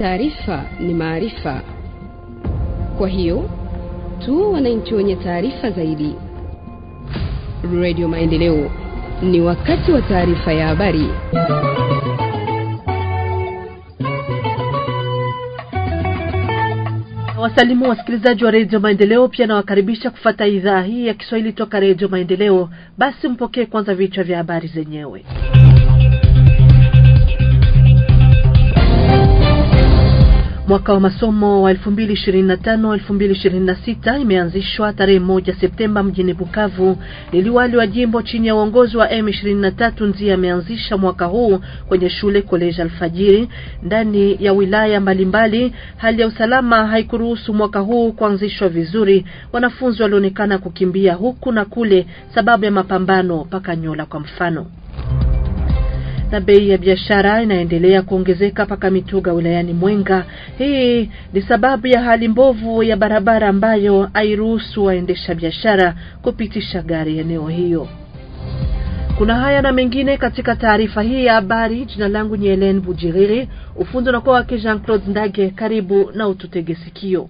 Taarifa ni maarifa, kwa hiyo tu wananchi wenye taarifa zaidi. Radio Maendeleo, ni wakati wa taarifa ya habari. Wasalimu wasikilizaji wa redio Maendeleo, pia nawakaribisha kufata idhaa hii ya Kiswahili toka redio Maendeleo. Basi mpokee kwanza vichwa vya habari zenyewe. Mwaka wa masomo wa 2025 2026 imeanzishwa tarehe moja Septemba mjini Bukavu. Liwali wa jimbo chini ya uongozi wa M23 ndiye ameanzisha mwaka huu kwenye shule koleji alfajiri ndani ya wilaya mbalimbali. Hali ya usalama haikuruhusu mwaka huu kuanzishwa vizuri. Wanafunzi walionekana kukimbia huku na kule sababu ya mapambano paka Nyola kwa mfano na bei ya biashara inaendelea kuongezeka paka Mituga wilayani Mwenga. Hii ni sababu ya hali mbovu ya barabara ambayo hairuhusu waendesha biashara kupitisha gari eneo hiyo. Kuna haya na mengine katika taarifa hii ya habari. Jina langu ni Helen Bujiriri, ufundi unakuwa wake Jean Claude Ndage. Karibu na ututege sikio.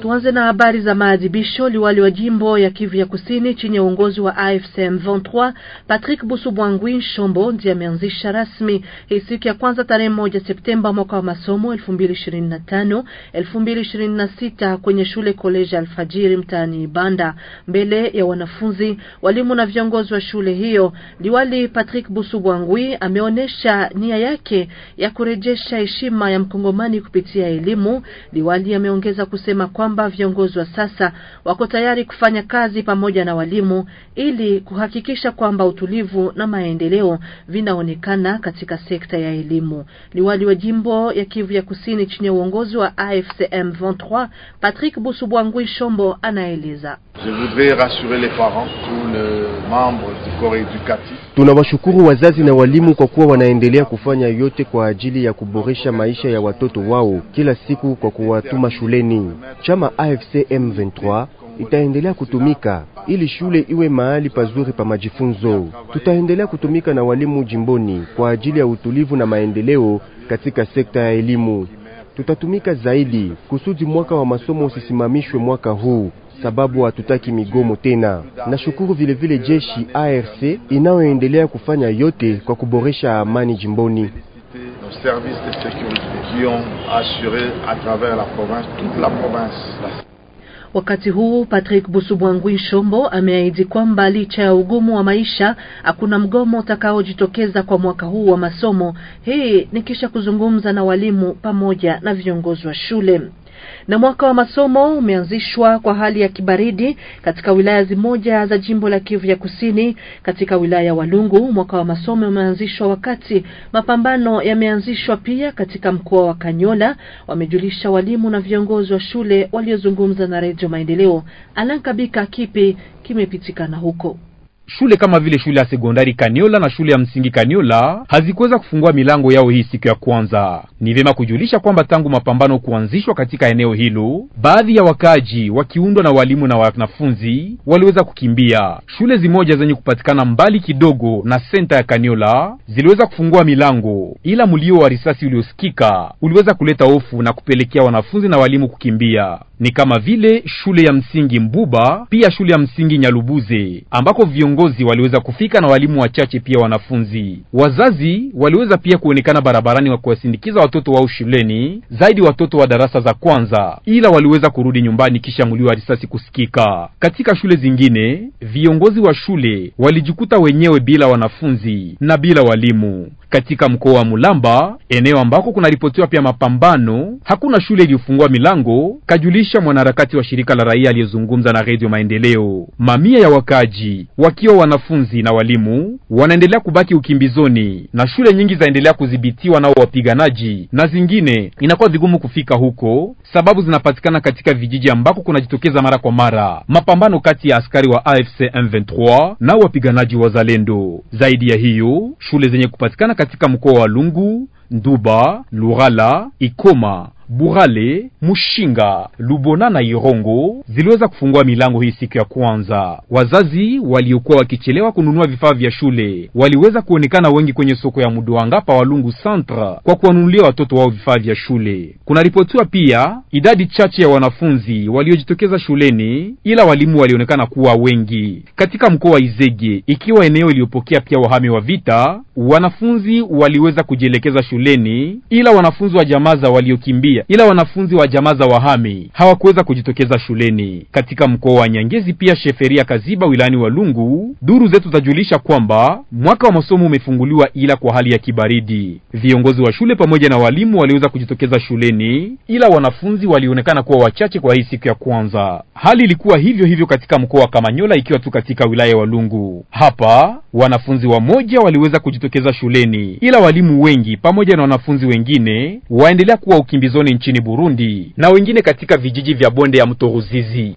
Tuanze na habari za maadhibisho. Liwali wa jimbo ya Kivu ya Kusini chini ya uongozi wa AFC M23 Patrick Busubwangwi Shombo ndiye ameanzisha rasmi hii siku ya kwanza tarehe moja Septemba mwaka wa masomo 2025 2026 kwenye shule koleji Alfajiri mtaani Ibanda mbele ya wanafunzi, walimu na viongozi wa shule hiyo. Liwali Patrick Busubwangwi ameonyesha nia yake ya kurejesha heshima ya mkongomani kupitia elimu. Liwali ameongeza kusema kwa kwamba viongozi wa sasa wako tayari kufanya kazi pamoja na walimu ili kuhakikisha kwamba utulivu na maendeleo vinaonekana katika sekta ya elimu. Liwali wa jimbo ya Kivu ya Kusini chini ya uongozi wa AFCM 23 Patrick Busubwangwi Shombo anaeleza. Je voudrais rassurer les parents tous les membres du corps Tunawashukuru wazazi na walimu kwa kuwa wanaendelea kufanya yote kwa ajili ya kuboresha maisha ya watoto wao kila siku kwa kuwatuma shuleni. Chama kama AFC M23 itaendelea kutumika ili shule iwe mahali pazuri pa majifunzo. Tutaendelea kutumika na walimu jimboni kwa ajili ya utulivu na maendeleo katika sekta ya elimu. Tutatumika zaidi kusudi mwaka wa masomo usisimamishwe mwaka huu, sababu hatutaki migomo tena. Nashukuru vile vile jeshi ARC inayoendelea kufanya yote kwa kuboresha amani jimboni nos services de sécurité qui ont assuré à travers la province, toute la province. Wakati huu Patrick Busubwangwi Shombo ameahidi kwamba licha ya ugumu wa maisha hakuna mgomo utakaojitokeza kwa mwaka huu wa masomo. Hii ni kisha kuzungumza na walimu pamoja na viongozi wa shule na mwaka wa masomo umeanzishwa kwa hali ya kibaridi katika wilaya zimoja za jimbo la Kivu ya Kusini. Katika wilaya ya Walungu, mwaka wa masomo umeanzishwa wakati mapambano yameanzishwa pia katika mkoa wa Kanyola, wamejulisha walimu na viongozi wa shule waliozungumza na Redio Maendeleo. Kabika, kipi kimepitikana huko? shule kama vile shule ya sekondari Kaniola na shule ya msingi Kaniola hazikuweza kufungua milango yao hii siku ya kwanza. Ni vyema kujulisha kwamba tangu mapambano kuanzishwa katika eneo hilo, baadhi ya wakaaji wakiundwa na walimu na wanafunzi waliweza kukimbia. Shule zimoja zenye kupatikana mbali kidogo na senta ya Kaniola ziliweza kufungua milango, ila mlio wa risasi uliosikika uliweza kuleta hofu na kupelekea wanafunzi na walimu kukimbia ni kama vile shule ya msingi Mbuba, pia shule ya msingi Nyalubuze ambako viongozi waliweza kufika na walimu wachache pia wanafunzi. Wazazi waliweza pia kuonekana barabarani wa kuwasindikiza watoto wao shuleni, zaidi watoto wa darasa za kwanza, ila waliweza kurudi nyumbani kisha mlio wa risasi kusikika. Katika shule zingine, viongozi wa shule walijikuta wenyewe bila wanafunzi na bila walimu katika mkoa wa Mulamba, eneo ambako kunaripotiwa pia mapambano, hakuna shule iliyofungua milango, kajulisha mwanaharakati wa shirika la raia aliyezungumza na Redio Maendeleo. Mamia ya wakaji wakiwa wanafunzi na walimu wanaendelea kubaki ukimbizoni, na shule nyingi zaendelea kudhibitiwa nao wapiganaji, na zingine inakuwa vigumu kufika huko. Sababu zinapatikana katika vijiji ambako kunajitokeza mara kwa mara mapambano kati ya askari wa AFC M23 na wapiganaji wa Zalendo. Zaidi ya hiyo, shule zenye kupatikana katika mkoa wa Lungu, Nduba, lurala Ikoma, Burale, Mushinga, Lubona na Irongo ziliweza kufungua milango hii siku ya kwanza. Wazazi waliokuwa wakichelewa kununua vifaa vya shule waliweza kuonekana wengi kwenye soko ya Mudoanga pa Walungu Centre kwa kuwanunulia watoto wao vifaa vya shule. Kunaripotiwa pia idadi chache ya wanafunzi waliojitokeza shuleni, ila walimu walionekana kuwa wengi katika mkoa wa Izege, ikiwa eneo iliyopokea pia wahame wa vita. Wanafunzi waliweza kujielekeza shuleni, ila wanafunzi wa jamaa za waliokimbia ila wanafunzi wa jamaa za wahami hawakuweza kujitokeza shuleni katika mkoa wa Nyangezi, pia Sheferia Kaziba wilani lungu Duru zetu zajulisha kwamba mwaka wa masomo umefunguliwa ila kwa hali ya kibaridi. Viongozi wa shule pamoja na walimu waliweza kujitokeza shuleni, ila wanafunzi walionekana kuwa wachache kwa hii siku ya kwanza. Hali ilikuwa hivyo hivyo katika mkoa wa Kamanyola, ikiwa tu katika wilaya wa Walungu. Hapa wanafunzi wamoja waliweza kujitokeza shuleni, ila walimu wengi pamoja na wanafunzi wengine waendelea kuwa ukimbizoni nchini Burundi na wengine katika vijiji vya bonde ya mto Ruzizi.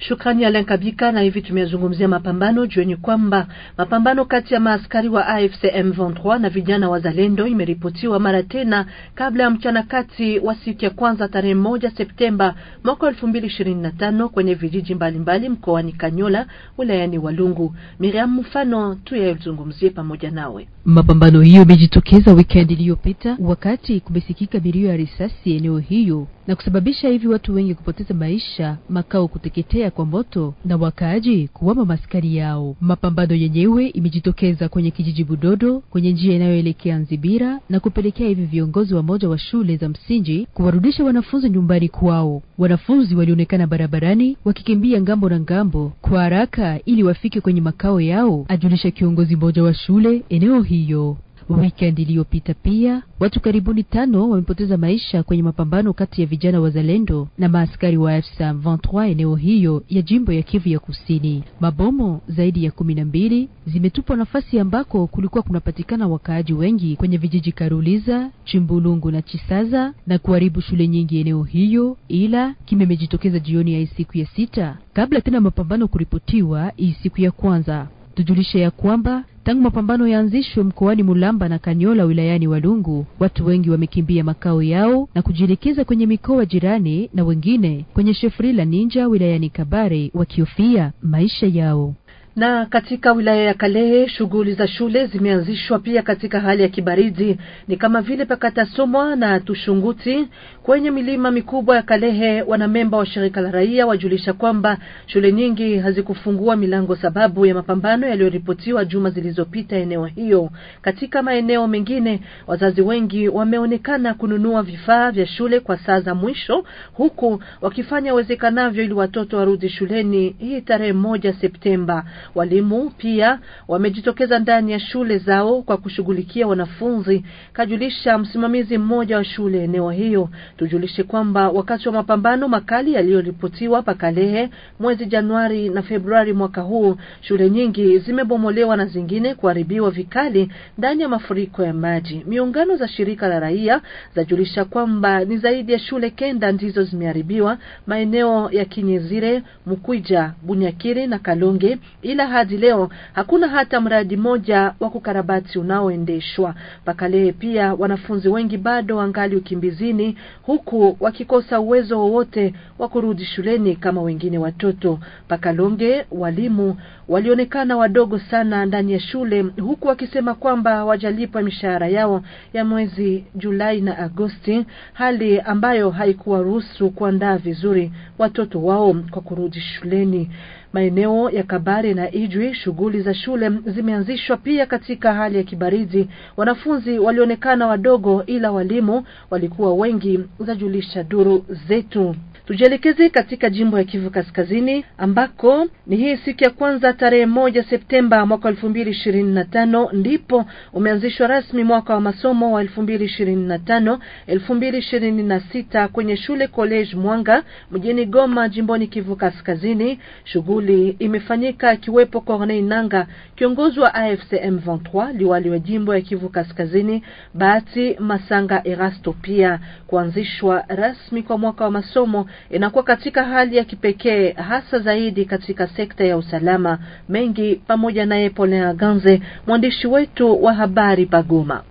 Shukrani Alan Kabika. Na hivi tumezungumzia mapambano, jueni kwamba mapambano kati ya maaskari wa AFC M23 na vijana wazalendo imeripotiwa mara tena kabla ya mchana kati wa siku ya kwanza tarehe moja Septemba mwaka elfu mbili ishirini na tano kwenye vijiji mbalimbali mkoani Kanyola wilayani Walungu. Miriam mfano yayozungumzie pamoja nawe. Mapambano hiyo imejitokeza wikendi iliyopita wakati kumesikika milio ya risasi eneo hiyo na kusababisha hivi watu wengi kupoteza maisha, makao kuteketea kwa moto na wakaaji kuwama maskani yao. Mapambano yenyewe imejitokeza kwenye kijiji Budodo kwenye njia inayoelekea Nzibira na kupelekea hivi viongozi wa moja wa shule za msingi kuwarudisha wanafunzi nyumbani kwao. Wanafunzi walionekana barabarani wakikimbia ngambo na ngambo kwa haraka ili wafike kwenye makao yao, ajulisha kiongozi mmoja wa shule eneo hiyo. Wikendi iliyopita pia watu karibuni tano wamepoteza maisha kwenye mapambano kati ya vijana wazalendo na maaskari wa M23 eneo hiyo ya jimbo ya Kivu ya Kusini. Mabomo zaidi ya kumi na mbili zimetupwa nafasi ambako kulikuwa kunapatikana wakaaji wengi kwenye vijiji Karuliza, Chimbulungu na Chisaza na kuharibu shule nyingi eneo hiyo, ila kime imejitokeza jioni ya siku ya sita kabla tena mapambano kuripotiwa hii siku ya kwanza tujulishe ya kwamba tangu mapambano yaanzishwe mkoani Mulamba na Kanyola wilayani Walungu, watu wengi wamekimbia makao yao na kujielekeza kwenye mikoa jirani na wengine kwenye shefri la Ninja wilayani Kabare wakihofia maisha yao. Na katika wilaya ya Kalehe shughuli za shule zimeanzishwa pia katika hali ya kibaridi, ni kama vile pakatasomwa na Tushunguti kwenye milima mikubwa ya Kalehe. Wanamemba wa shirika la raia wajulisha kwamba shule nyingi hazikufungua milango sababu ya mapambano yaliyoripotiwa juma zilizopita eneo hiyo. Katika maeneo mengine, wazazi wengi wameonekana kununua vifaa vya shule kwa saa za mwisho, huku wakifanya wezekanavyo ili watoto warudi shuleni hii tarehe moja Septemba. Walimu pia wamejitokeza ndani ya shule zao kwa kushughulikia wanafunzi, kajulisha msimamizi mmoja wa shule eneo hiyo. Tujulishe kwamba wakati wa mapambano makali yaliyoripotiwa Pakalehe mwezi Januari na Februari mwaka huu, shule nyingi zimebomolewa na zingine kuharibiwa vikali ndani ya mafuriko ya maji. Miungano za shirika la raia zajulisha kwamba ni zaidi ya shule kenda ndizo zimeharibiwa maeneo ya Kinyezire, Mkwija, Bunyakiri na Kalonge ila hadi leo hakuna hata mradi moja wa kukarabati unaoendeshwa. Pakalehe pia wanafunzi wengi bado wangali ukimbizini, huku wakikosa uwezo wowote wa kurudi shuleni kama wengine watoto. Pakalonge walimu walionekana wadogo sana ndani ya shule, huku wakisema kwamba wajalipwa mishahara yao ya mwezi Julai na Agosti, hali ambayo haikuwaruhusu kuandaa vizuri watoto wao kwa kurudi shuleni. Maeneo ya Kabare na Ijwi shughuli za shule zimeanzishwa pia katika hali ya kibaridi. Wanafunzi walionekana wadogo, ila walimu walikuwa wengi, zajulisha duru zetu. Tujielekeze katika jimbo ya Kivu Kaskazini ambako ni hii siku ya kwanza tarehe moja Septemba mwaka elfu mbili ishirini na tano ndipo umeanzishwa rasmi mwaka wa masomo wa elfu mbili ishirini na tano elfu mbili ishirini na sita kwenye shule College Mwanga mjini Goma jimboni Kivu Kaskazini. Shughuli imefanyika akiwepo Corneille Nanga, kiongozi wa AFCM 23 liwali wa jimbo ya Kivu Kaskazini, Bahati Masanga Erasto, pia kuanzishwa rasmi kwa mwaka wa masomo inakuwa katika hali ya kipekee hasa zaidi katika sekta ya usalama mengi pamoja naye Polin Ganze, mwandishi wetu wa habari Pagoma.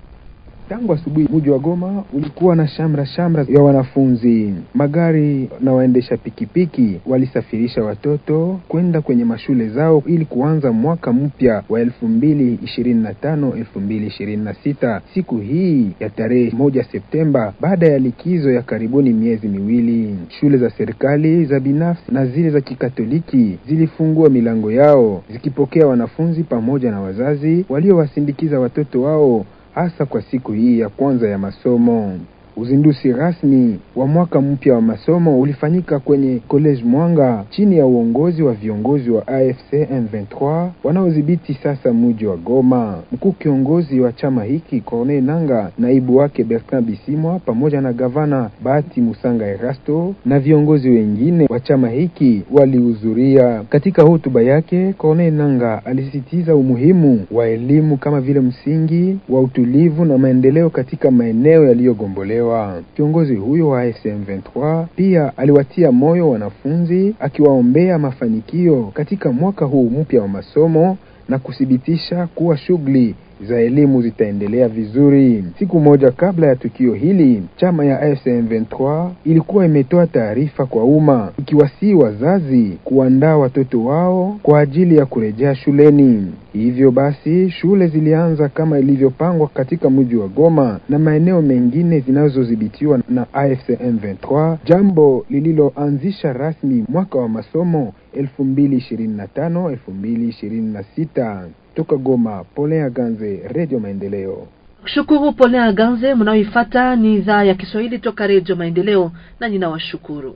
Tangu asubuhi mji wa Goma ulikuwa na shamra shamra ya wanafunzi. Magari na waendesha pikipiki walisafirisha watoto kwenda kwenye mashule zao ili kuanza mwaka mpya wa 2025 2026, siku hii ya tarehe moja Septemba, baada ya likizo ya karibuni miezi miwili. Shule za serikali, za binafsi na zile za Kikatoliki zilifungua milango yao zikipokea wanafunzi pamoja na wazazi waliowasindikiza watoto wao hasa kwa siku hii ya kwanza ya masomo. Uzinduzi rasmi wa mwaka mpya wa masomo ulifanyika kwenye College Mwanga chini ya uongozi wa viongozi wa AFC M23 wanaodhibiti sasa mji wa Goma. Mkuu kiongozi wa chama hiki Corneille Nanga, naibu wake Bertrand Bisimwa pamoja na gavana Bahati Musanga Erasto na viongozi wengine wa chama hiki walihudhuria. Katika hotuba yake, Corneille Nanga alisisitiza umuhimu wa elimu kama vile msingi wa utulivu na maendeleo katika maeneo yaliyogombolewa kutoa. Kiongozi huyo wa sm 23 pia aliwatia moyo wanafunzi akiwaombea mafanikio katika mwaka huu mpya wa masomo na kuthibitisha kuwa shughuli za elimu zitaendelea vizuri. Siku moja kabla ya tukio hili, chama ya sm 23 ilikuwa imetoa taarifa kwa umma ikiwasihi wazazi kuandaa watoto wao kwa ajili ya kurejea shuleni. Hivyo basi shule zilianza kama ilivyopangwa katika mji wa Goma na maeneo mengine zinazodhibitiwa na AFC M23, jambo lililoanzisha rasmi mwaka wa masomo 2025 2026. Toka Goma, Polea Ganze, redio Maendeleo. Shukuru Polea Ganze. Mnaoifata ni idhaa ya Kiswahili toka Redio Maendeleo, na ninawashukuru.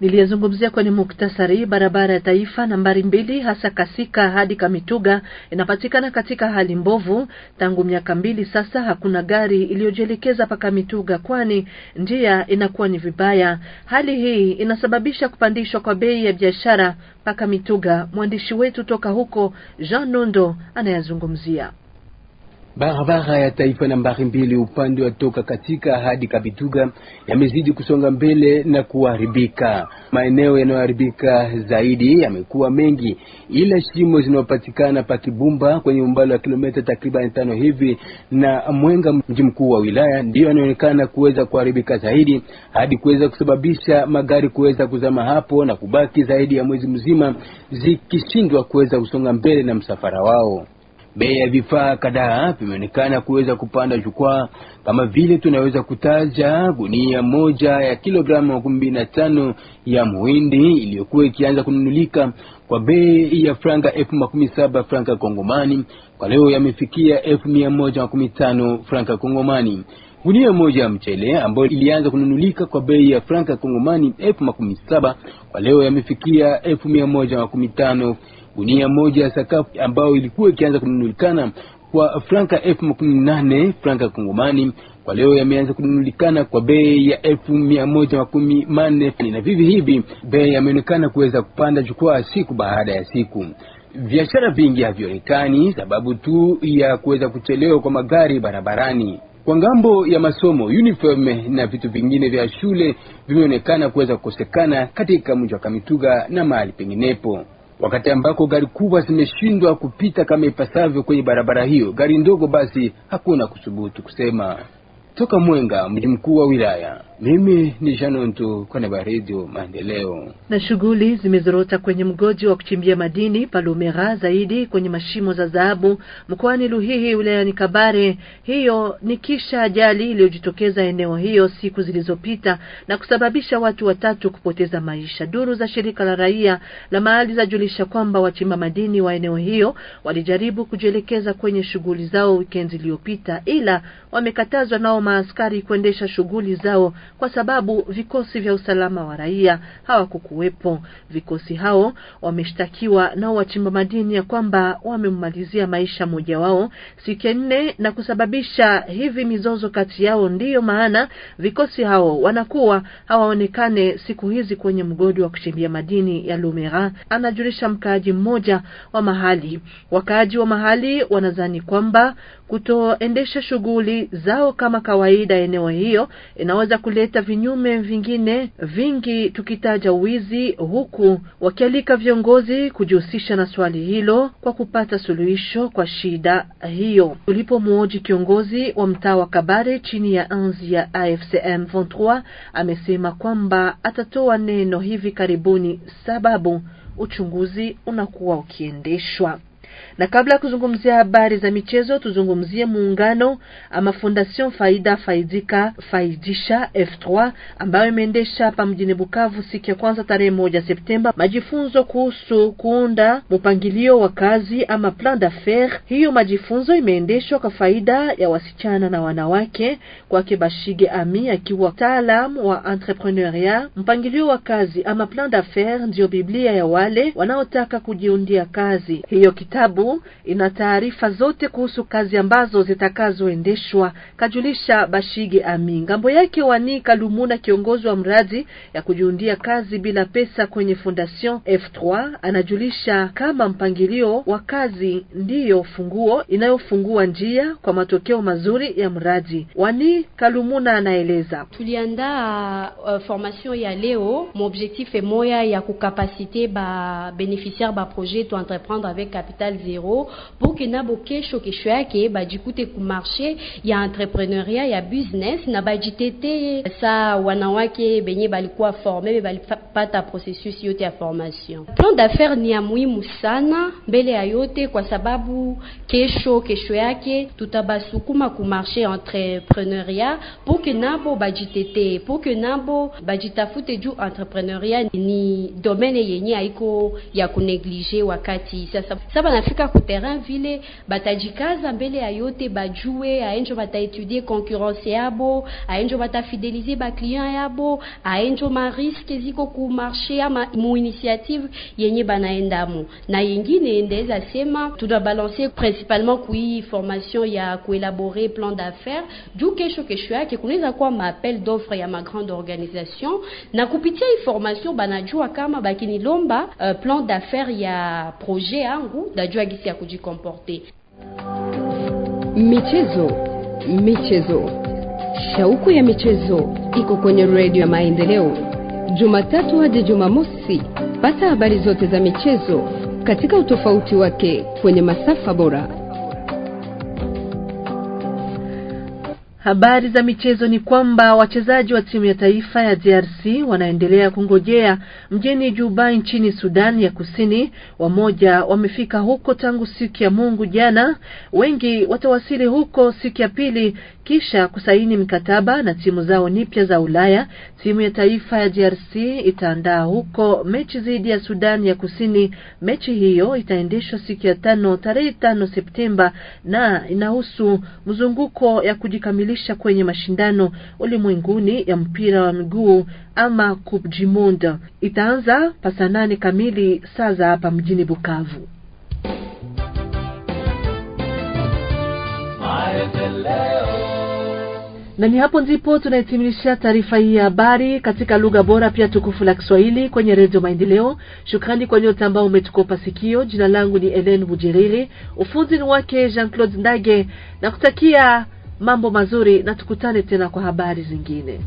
Niliyezungumzia kwenye muktasari, barabara ya taifa nambari mbili hasa Kasika hadi Kamituga inapatikana katika hali mbovu tangu miaka mbili sasa. Hakuna gari iliyojielekeza pa Kamituga, kwani njia inakuwa ni vibaya. Hali hii inasababisha kupandishwa kwa bei ya biashara pa Kamituga. Mwandishi wetu toka huko Jean Nondo anayazungumzia. Barabara ya taifa nambari mbili upande wa toka katika hadi Kabituga yamezidi kusonga mbele na kuharibika. Maeneo yanayoharibika zaidi yamekuwa mengi, ila shimo zinayopatikana pa Kibumba kwenye umbali wa kilomita takriban tano hivi na Mwenga, mji mkuu wa wilaya, ndiyo yanaonekana kuweza kuharibika zaidi hadi kuweza kusababisha magari kuweza kuzama hapo na kubaki zaidi ya mwezi mzima zikishindwa kuweza kusonga mbele na msafara wao. Bei ya vifaa kadhaa vimeonekana kuweza kupanda jukwaa, kama vile tunaweza kutaja gunia moja ya kilogramu makumi mbili na tano ya muhindi iliyokuwa ikianza kununulika kwa bei ya franka elfu makumi saba franka Kongomani, kwa leo yamefikia elfu mia moja makumi tano franka Kongomani. Gunia moja ya mchele ambayo ilianza kununulika kwa bei ya franka Kongomani elfu makumi saba kwa leo yamefikia elfu mia moja makumi tano gunia moja ya sakafu ambayo ilikuwa ikianza kununulikana kwa franka elfu makumi nane franka kongomani kwa leo yameanza kununulikana kwa bei ya elfu mia moja makumi manne na vivi hivi bei yameonekana kuweza kupanda jukwaa siku baada ya siku. Biashara vingi havionekani sababu tu ya kuweza kuchelewa kwa magari barabarani. Kwa ngambo ya masomo, uniform na vitu vingine vya shule vimeonekana kuweza kukosekana katika mji wa Kamituga na mahali penginepo wakati ambako gari kubwa zimeshindwa kupita kama ipasavyo kwenye barabara hiyo, gari ndogo basi hakuna kusubutu kusema. Toka Mwenga, mji mkuu wa wilaya. Mimi ni Shanuntu kwa neba Redio Maendeleo. Na shughuli zimezorota kwenye mgodi wa kuchimbia madini palumera zaidi kwenye mashimo za dhahabu mkoani Luhihi wilayani Kabare. Hiyo ni kisha ajali iliyojitokeza eneo hiyo siku zilizopita na kusababisha watu watatu kupoteza maisha. Duru za shirika la raia la mahali zajulisha kwamba wachimba madini wa eneo hiyo walijaribu kujielekeza kwenye shughuli zao wikendi iliyopita, ila wamekatazwa nao maaskari kuendesha shughuli zao kwa sababu vikosi vya usalama wa raia hawakukuwepo. Vikosi hao wameshtakiwa na wachimba madini ya kwamba wamemmalizia maisha mmoja wao siku nne na kusababisha hivi mizozo kati yao. Ndiyo maana vikosi hao wanakuwa hawaonekane siku hizi kwenye mgodi wa kuchimbia madini ya Lumera, anajulisha mkaaji mmoja wa mahali. Wakaaji wa mahali wanadhani kwamba kutoendesha shughuli zao kama kawaida eneo hiyo inaweza kuleta vinyume vingine vingi, tukitaja wizi, huku wakialika viongozi kujihusisha na swali hilo kwa kupata suluhisho kwa shida hiyo. Tulipomwoji kiongozi wa mtaa wa Kabare chini ya anzi ya AFCM 23 amesema kwamba atatoa neno hivi karibuni, sababu uchunguzi unakuwa ukiendeshwa. Na kabla ya kuzungumzia habari za michezo, tuzungumzie muungano ama Fondation Faida Faidika Faidisha F3 ambayo imeendesha hapa mjini Bukavu siku ya kwanza tarehe moja Septemba majifunzo kuhusu kuunda mpangilio wa kazi ama plan d'affaires. Hiyo majifunzo imeendeshwa kwa faida ya wasichana na wanawake. Kwake Bashige Ami akiwa mtaalam wa entrepreneuria, mpangilio wa kazi ama plan d'affaires ndiyo Biblia ya wale wanaotaka kujiundia kazi hiyo kita kitabu ina taarifa zote kuhusu kazi ambazo zitakazoendeshwa, kajulisha Bashige Ami. Ngambo yake Wani Kalumuna, kiongozi wa mradi ya kujiundia kazi bila pesa kwenye Fondation F3, anajulisha kama mpangilio wa kazi ndiyo funguo inayofungua njia kwa matokeo mazuri ya mradi. Wani Kalumuna anaeleza, tuliandaa uh, formation ya leo mobjektif emoya ya kukapasite ba beneficiaire ba projet to entreprendre avec capital capital zéro pour que nabo kesho kesho yake bajikute kumarshe ya entrepreneuria ya business na bajitete sa wanawake benye balikuwa forme be balipata processus yote ya formation. Plan d'affaires ni ya muhimu sana mbele ya yote, kwa sababu kesho kesho yake tutabasukuma kumarshe entrepreneuria pour que nabo bajitete pour que nabo bajitafute juu entrepreneuria ni domaine yenye haiko ya kuneglige wakati sasa saba wanafika kuterrain vile batajikaza mbele ya yote, bajue aenjo bataetudie concurrence yabo, aenjo batafidelize baklient yabo, aenjo mariske ziko kumarshe ama muinitiative yenye banaendamo. Na yengine endeza sema tunabalanse principalement kuii formation ya kuelabore plan d'affaires juu kesho kesho yake kunaweza kuwa maappel d'offre ya magrande organisation, na kupitia formation banajua kama bakinilomba uh, plan d'affaires ya projet yangu utajua gisi ya kujikomporte. Michezo, michezo, shauku ya michezo iko kwenye redio ya Maendeleo, Jumatatu hadi Jumamosi. Pata habari zote za michezo katika utofauti wake kwenye masafa bora. Habari za michezo ni kwamba wachezaji wa timu ya taifa ya DRC wanaendelea kungojea mjini Juba nchini Sudan ya Kusini. Wamoja wamefika huko tangu siku ya Mungu jana, wengi watawasili huko siku ya pili kisha kusaini mikataba na timu zao nipya za Ulaya. Timu ya taifa ya DRC itaandaa huko mechi dhidi ya Sudan ya Kusini. Mechi hiyo itaendeshwa siku ya tano tarehe tano Septemba na inahusu mzunguko ya kujikamilisha kwenye mashindano ulimwenguni ya mpira wa miguu ama Coupe du Monde. Itaanza pasa nane kamili saa za hapa mjini Bukavu. Maendeleo. Na ni hapo ndipo tunaitimisha taarifa hii ya habari katika lugha bora pia tukufu la Kiswahili kwenye Redio Maendeleo. Shukrani kwa nyote ambao umetukopa sikio. Jina langu ni Elen Bujeriri, ufunzi ni wake Jean Claude Ndage, na kutakia mambo mazuri na tukutane tena kwa habari zingine.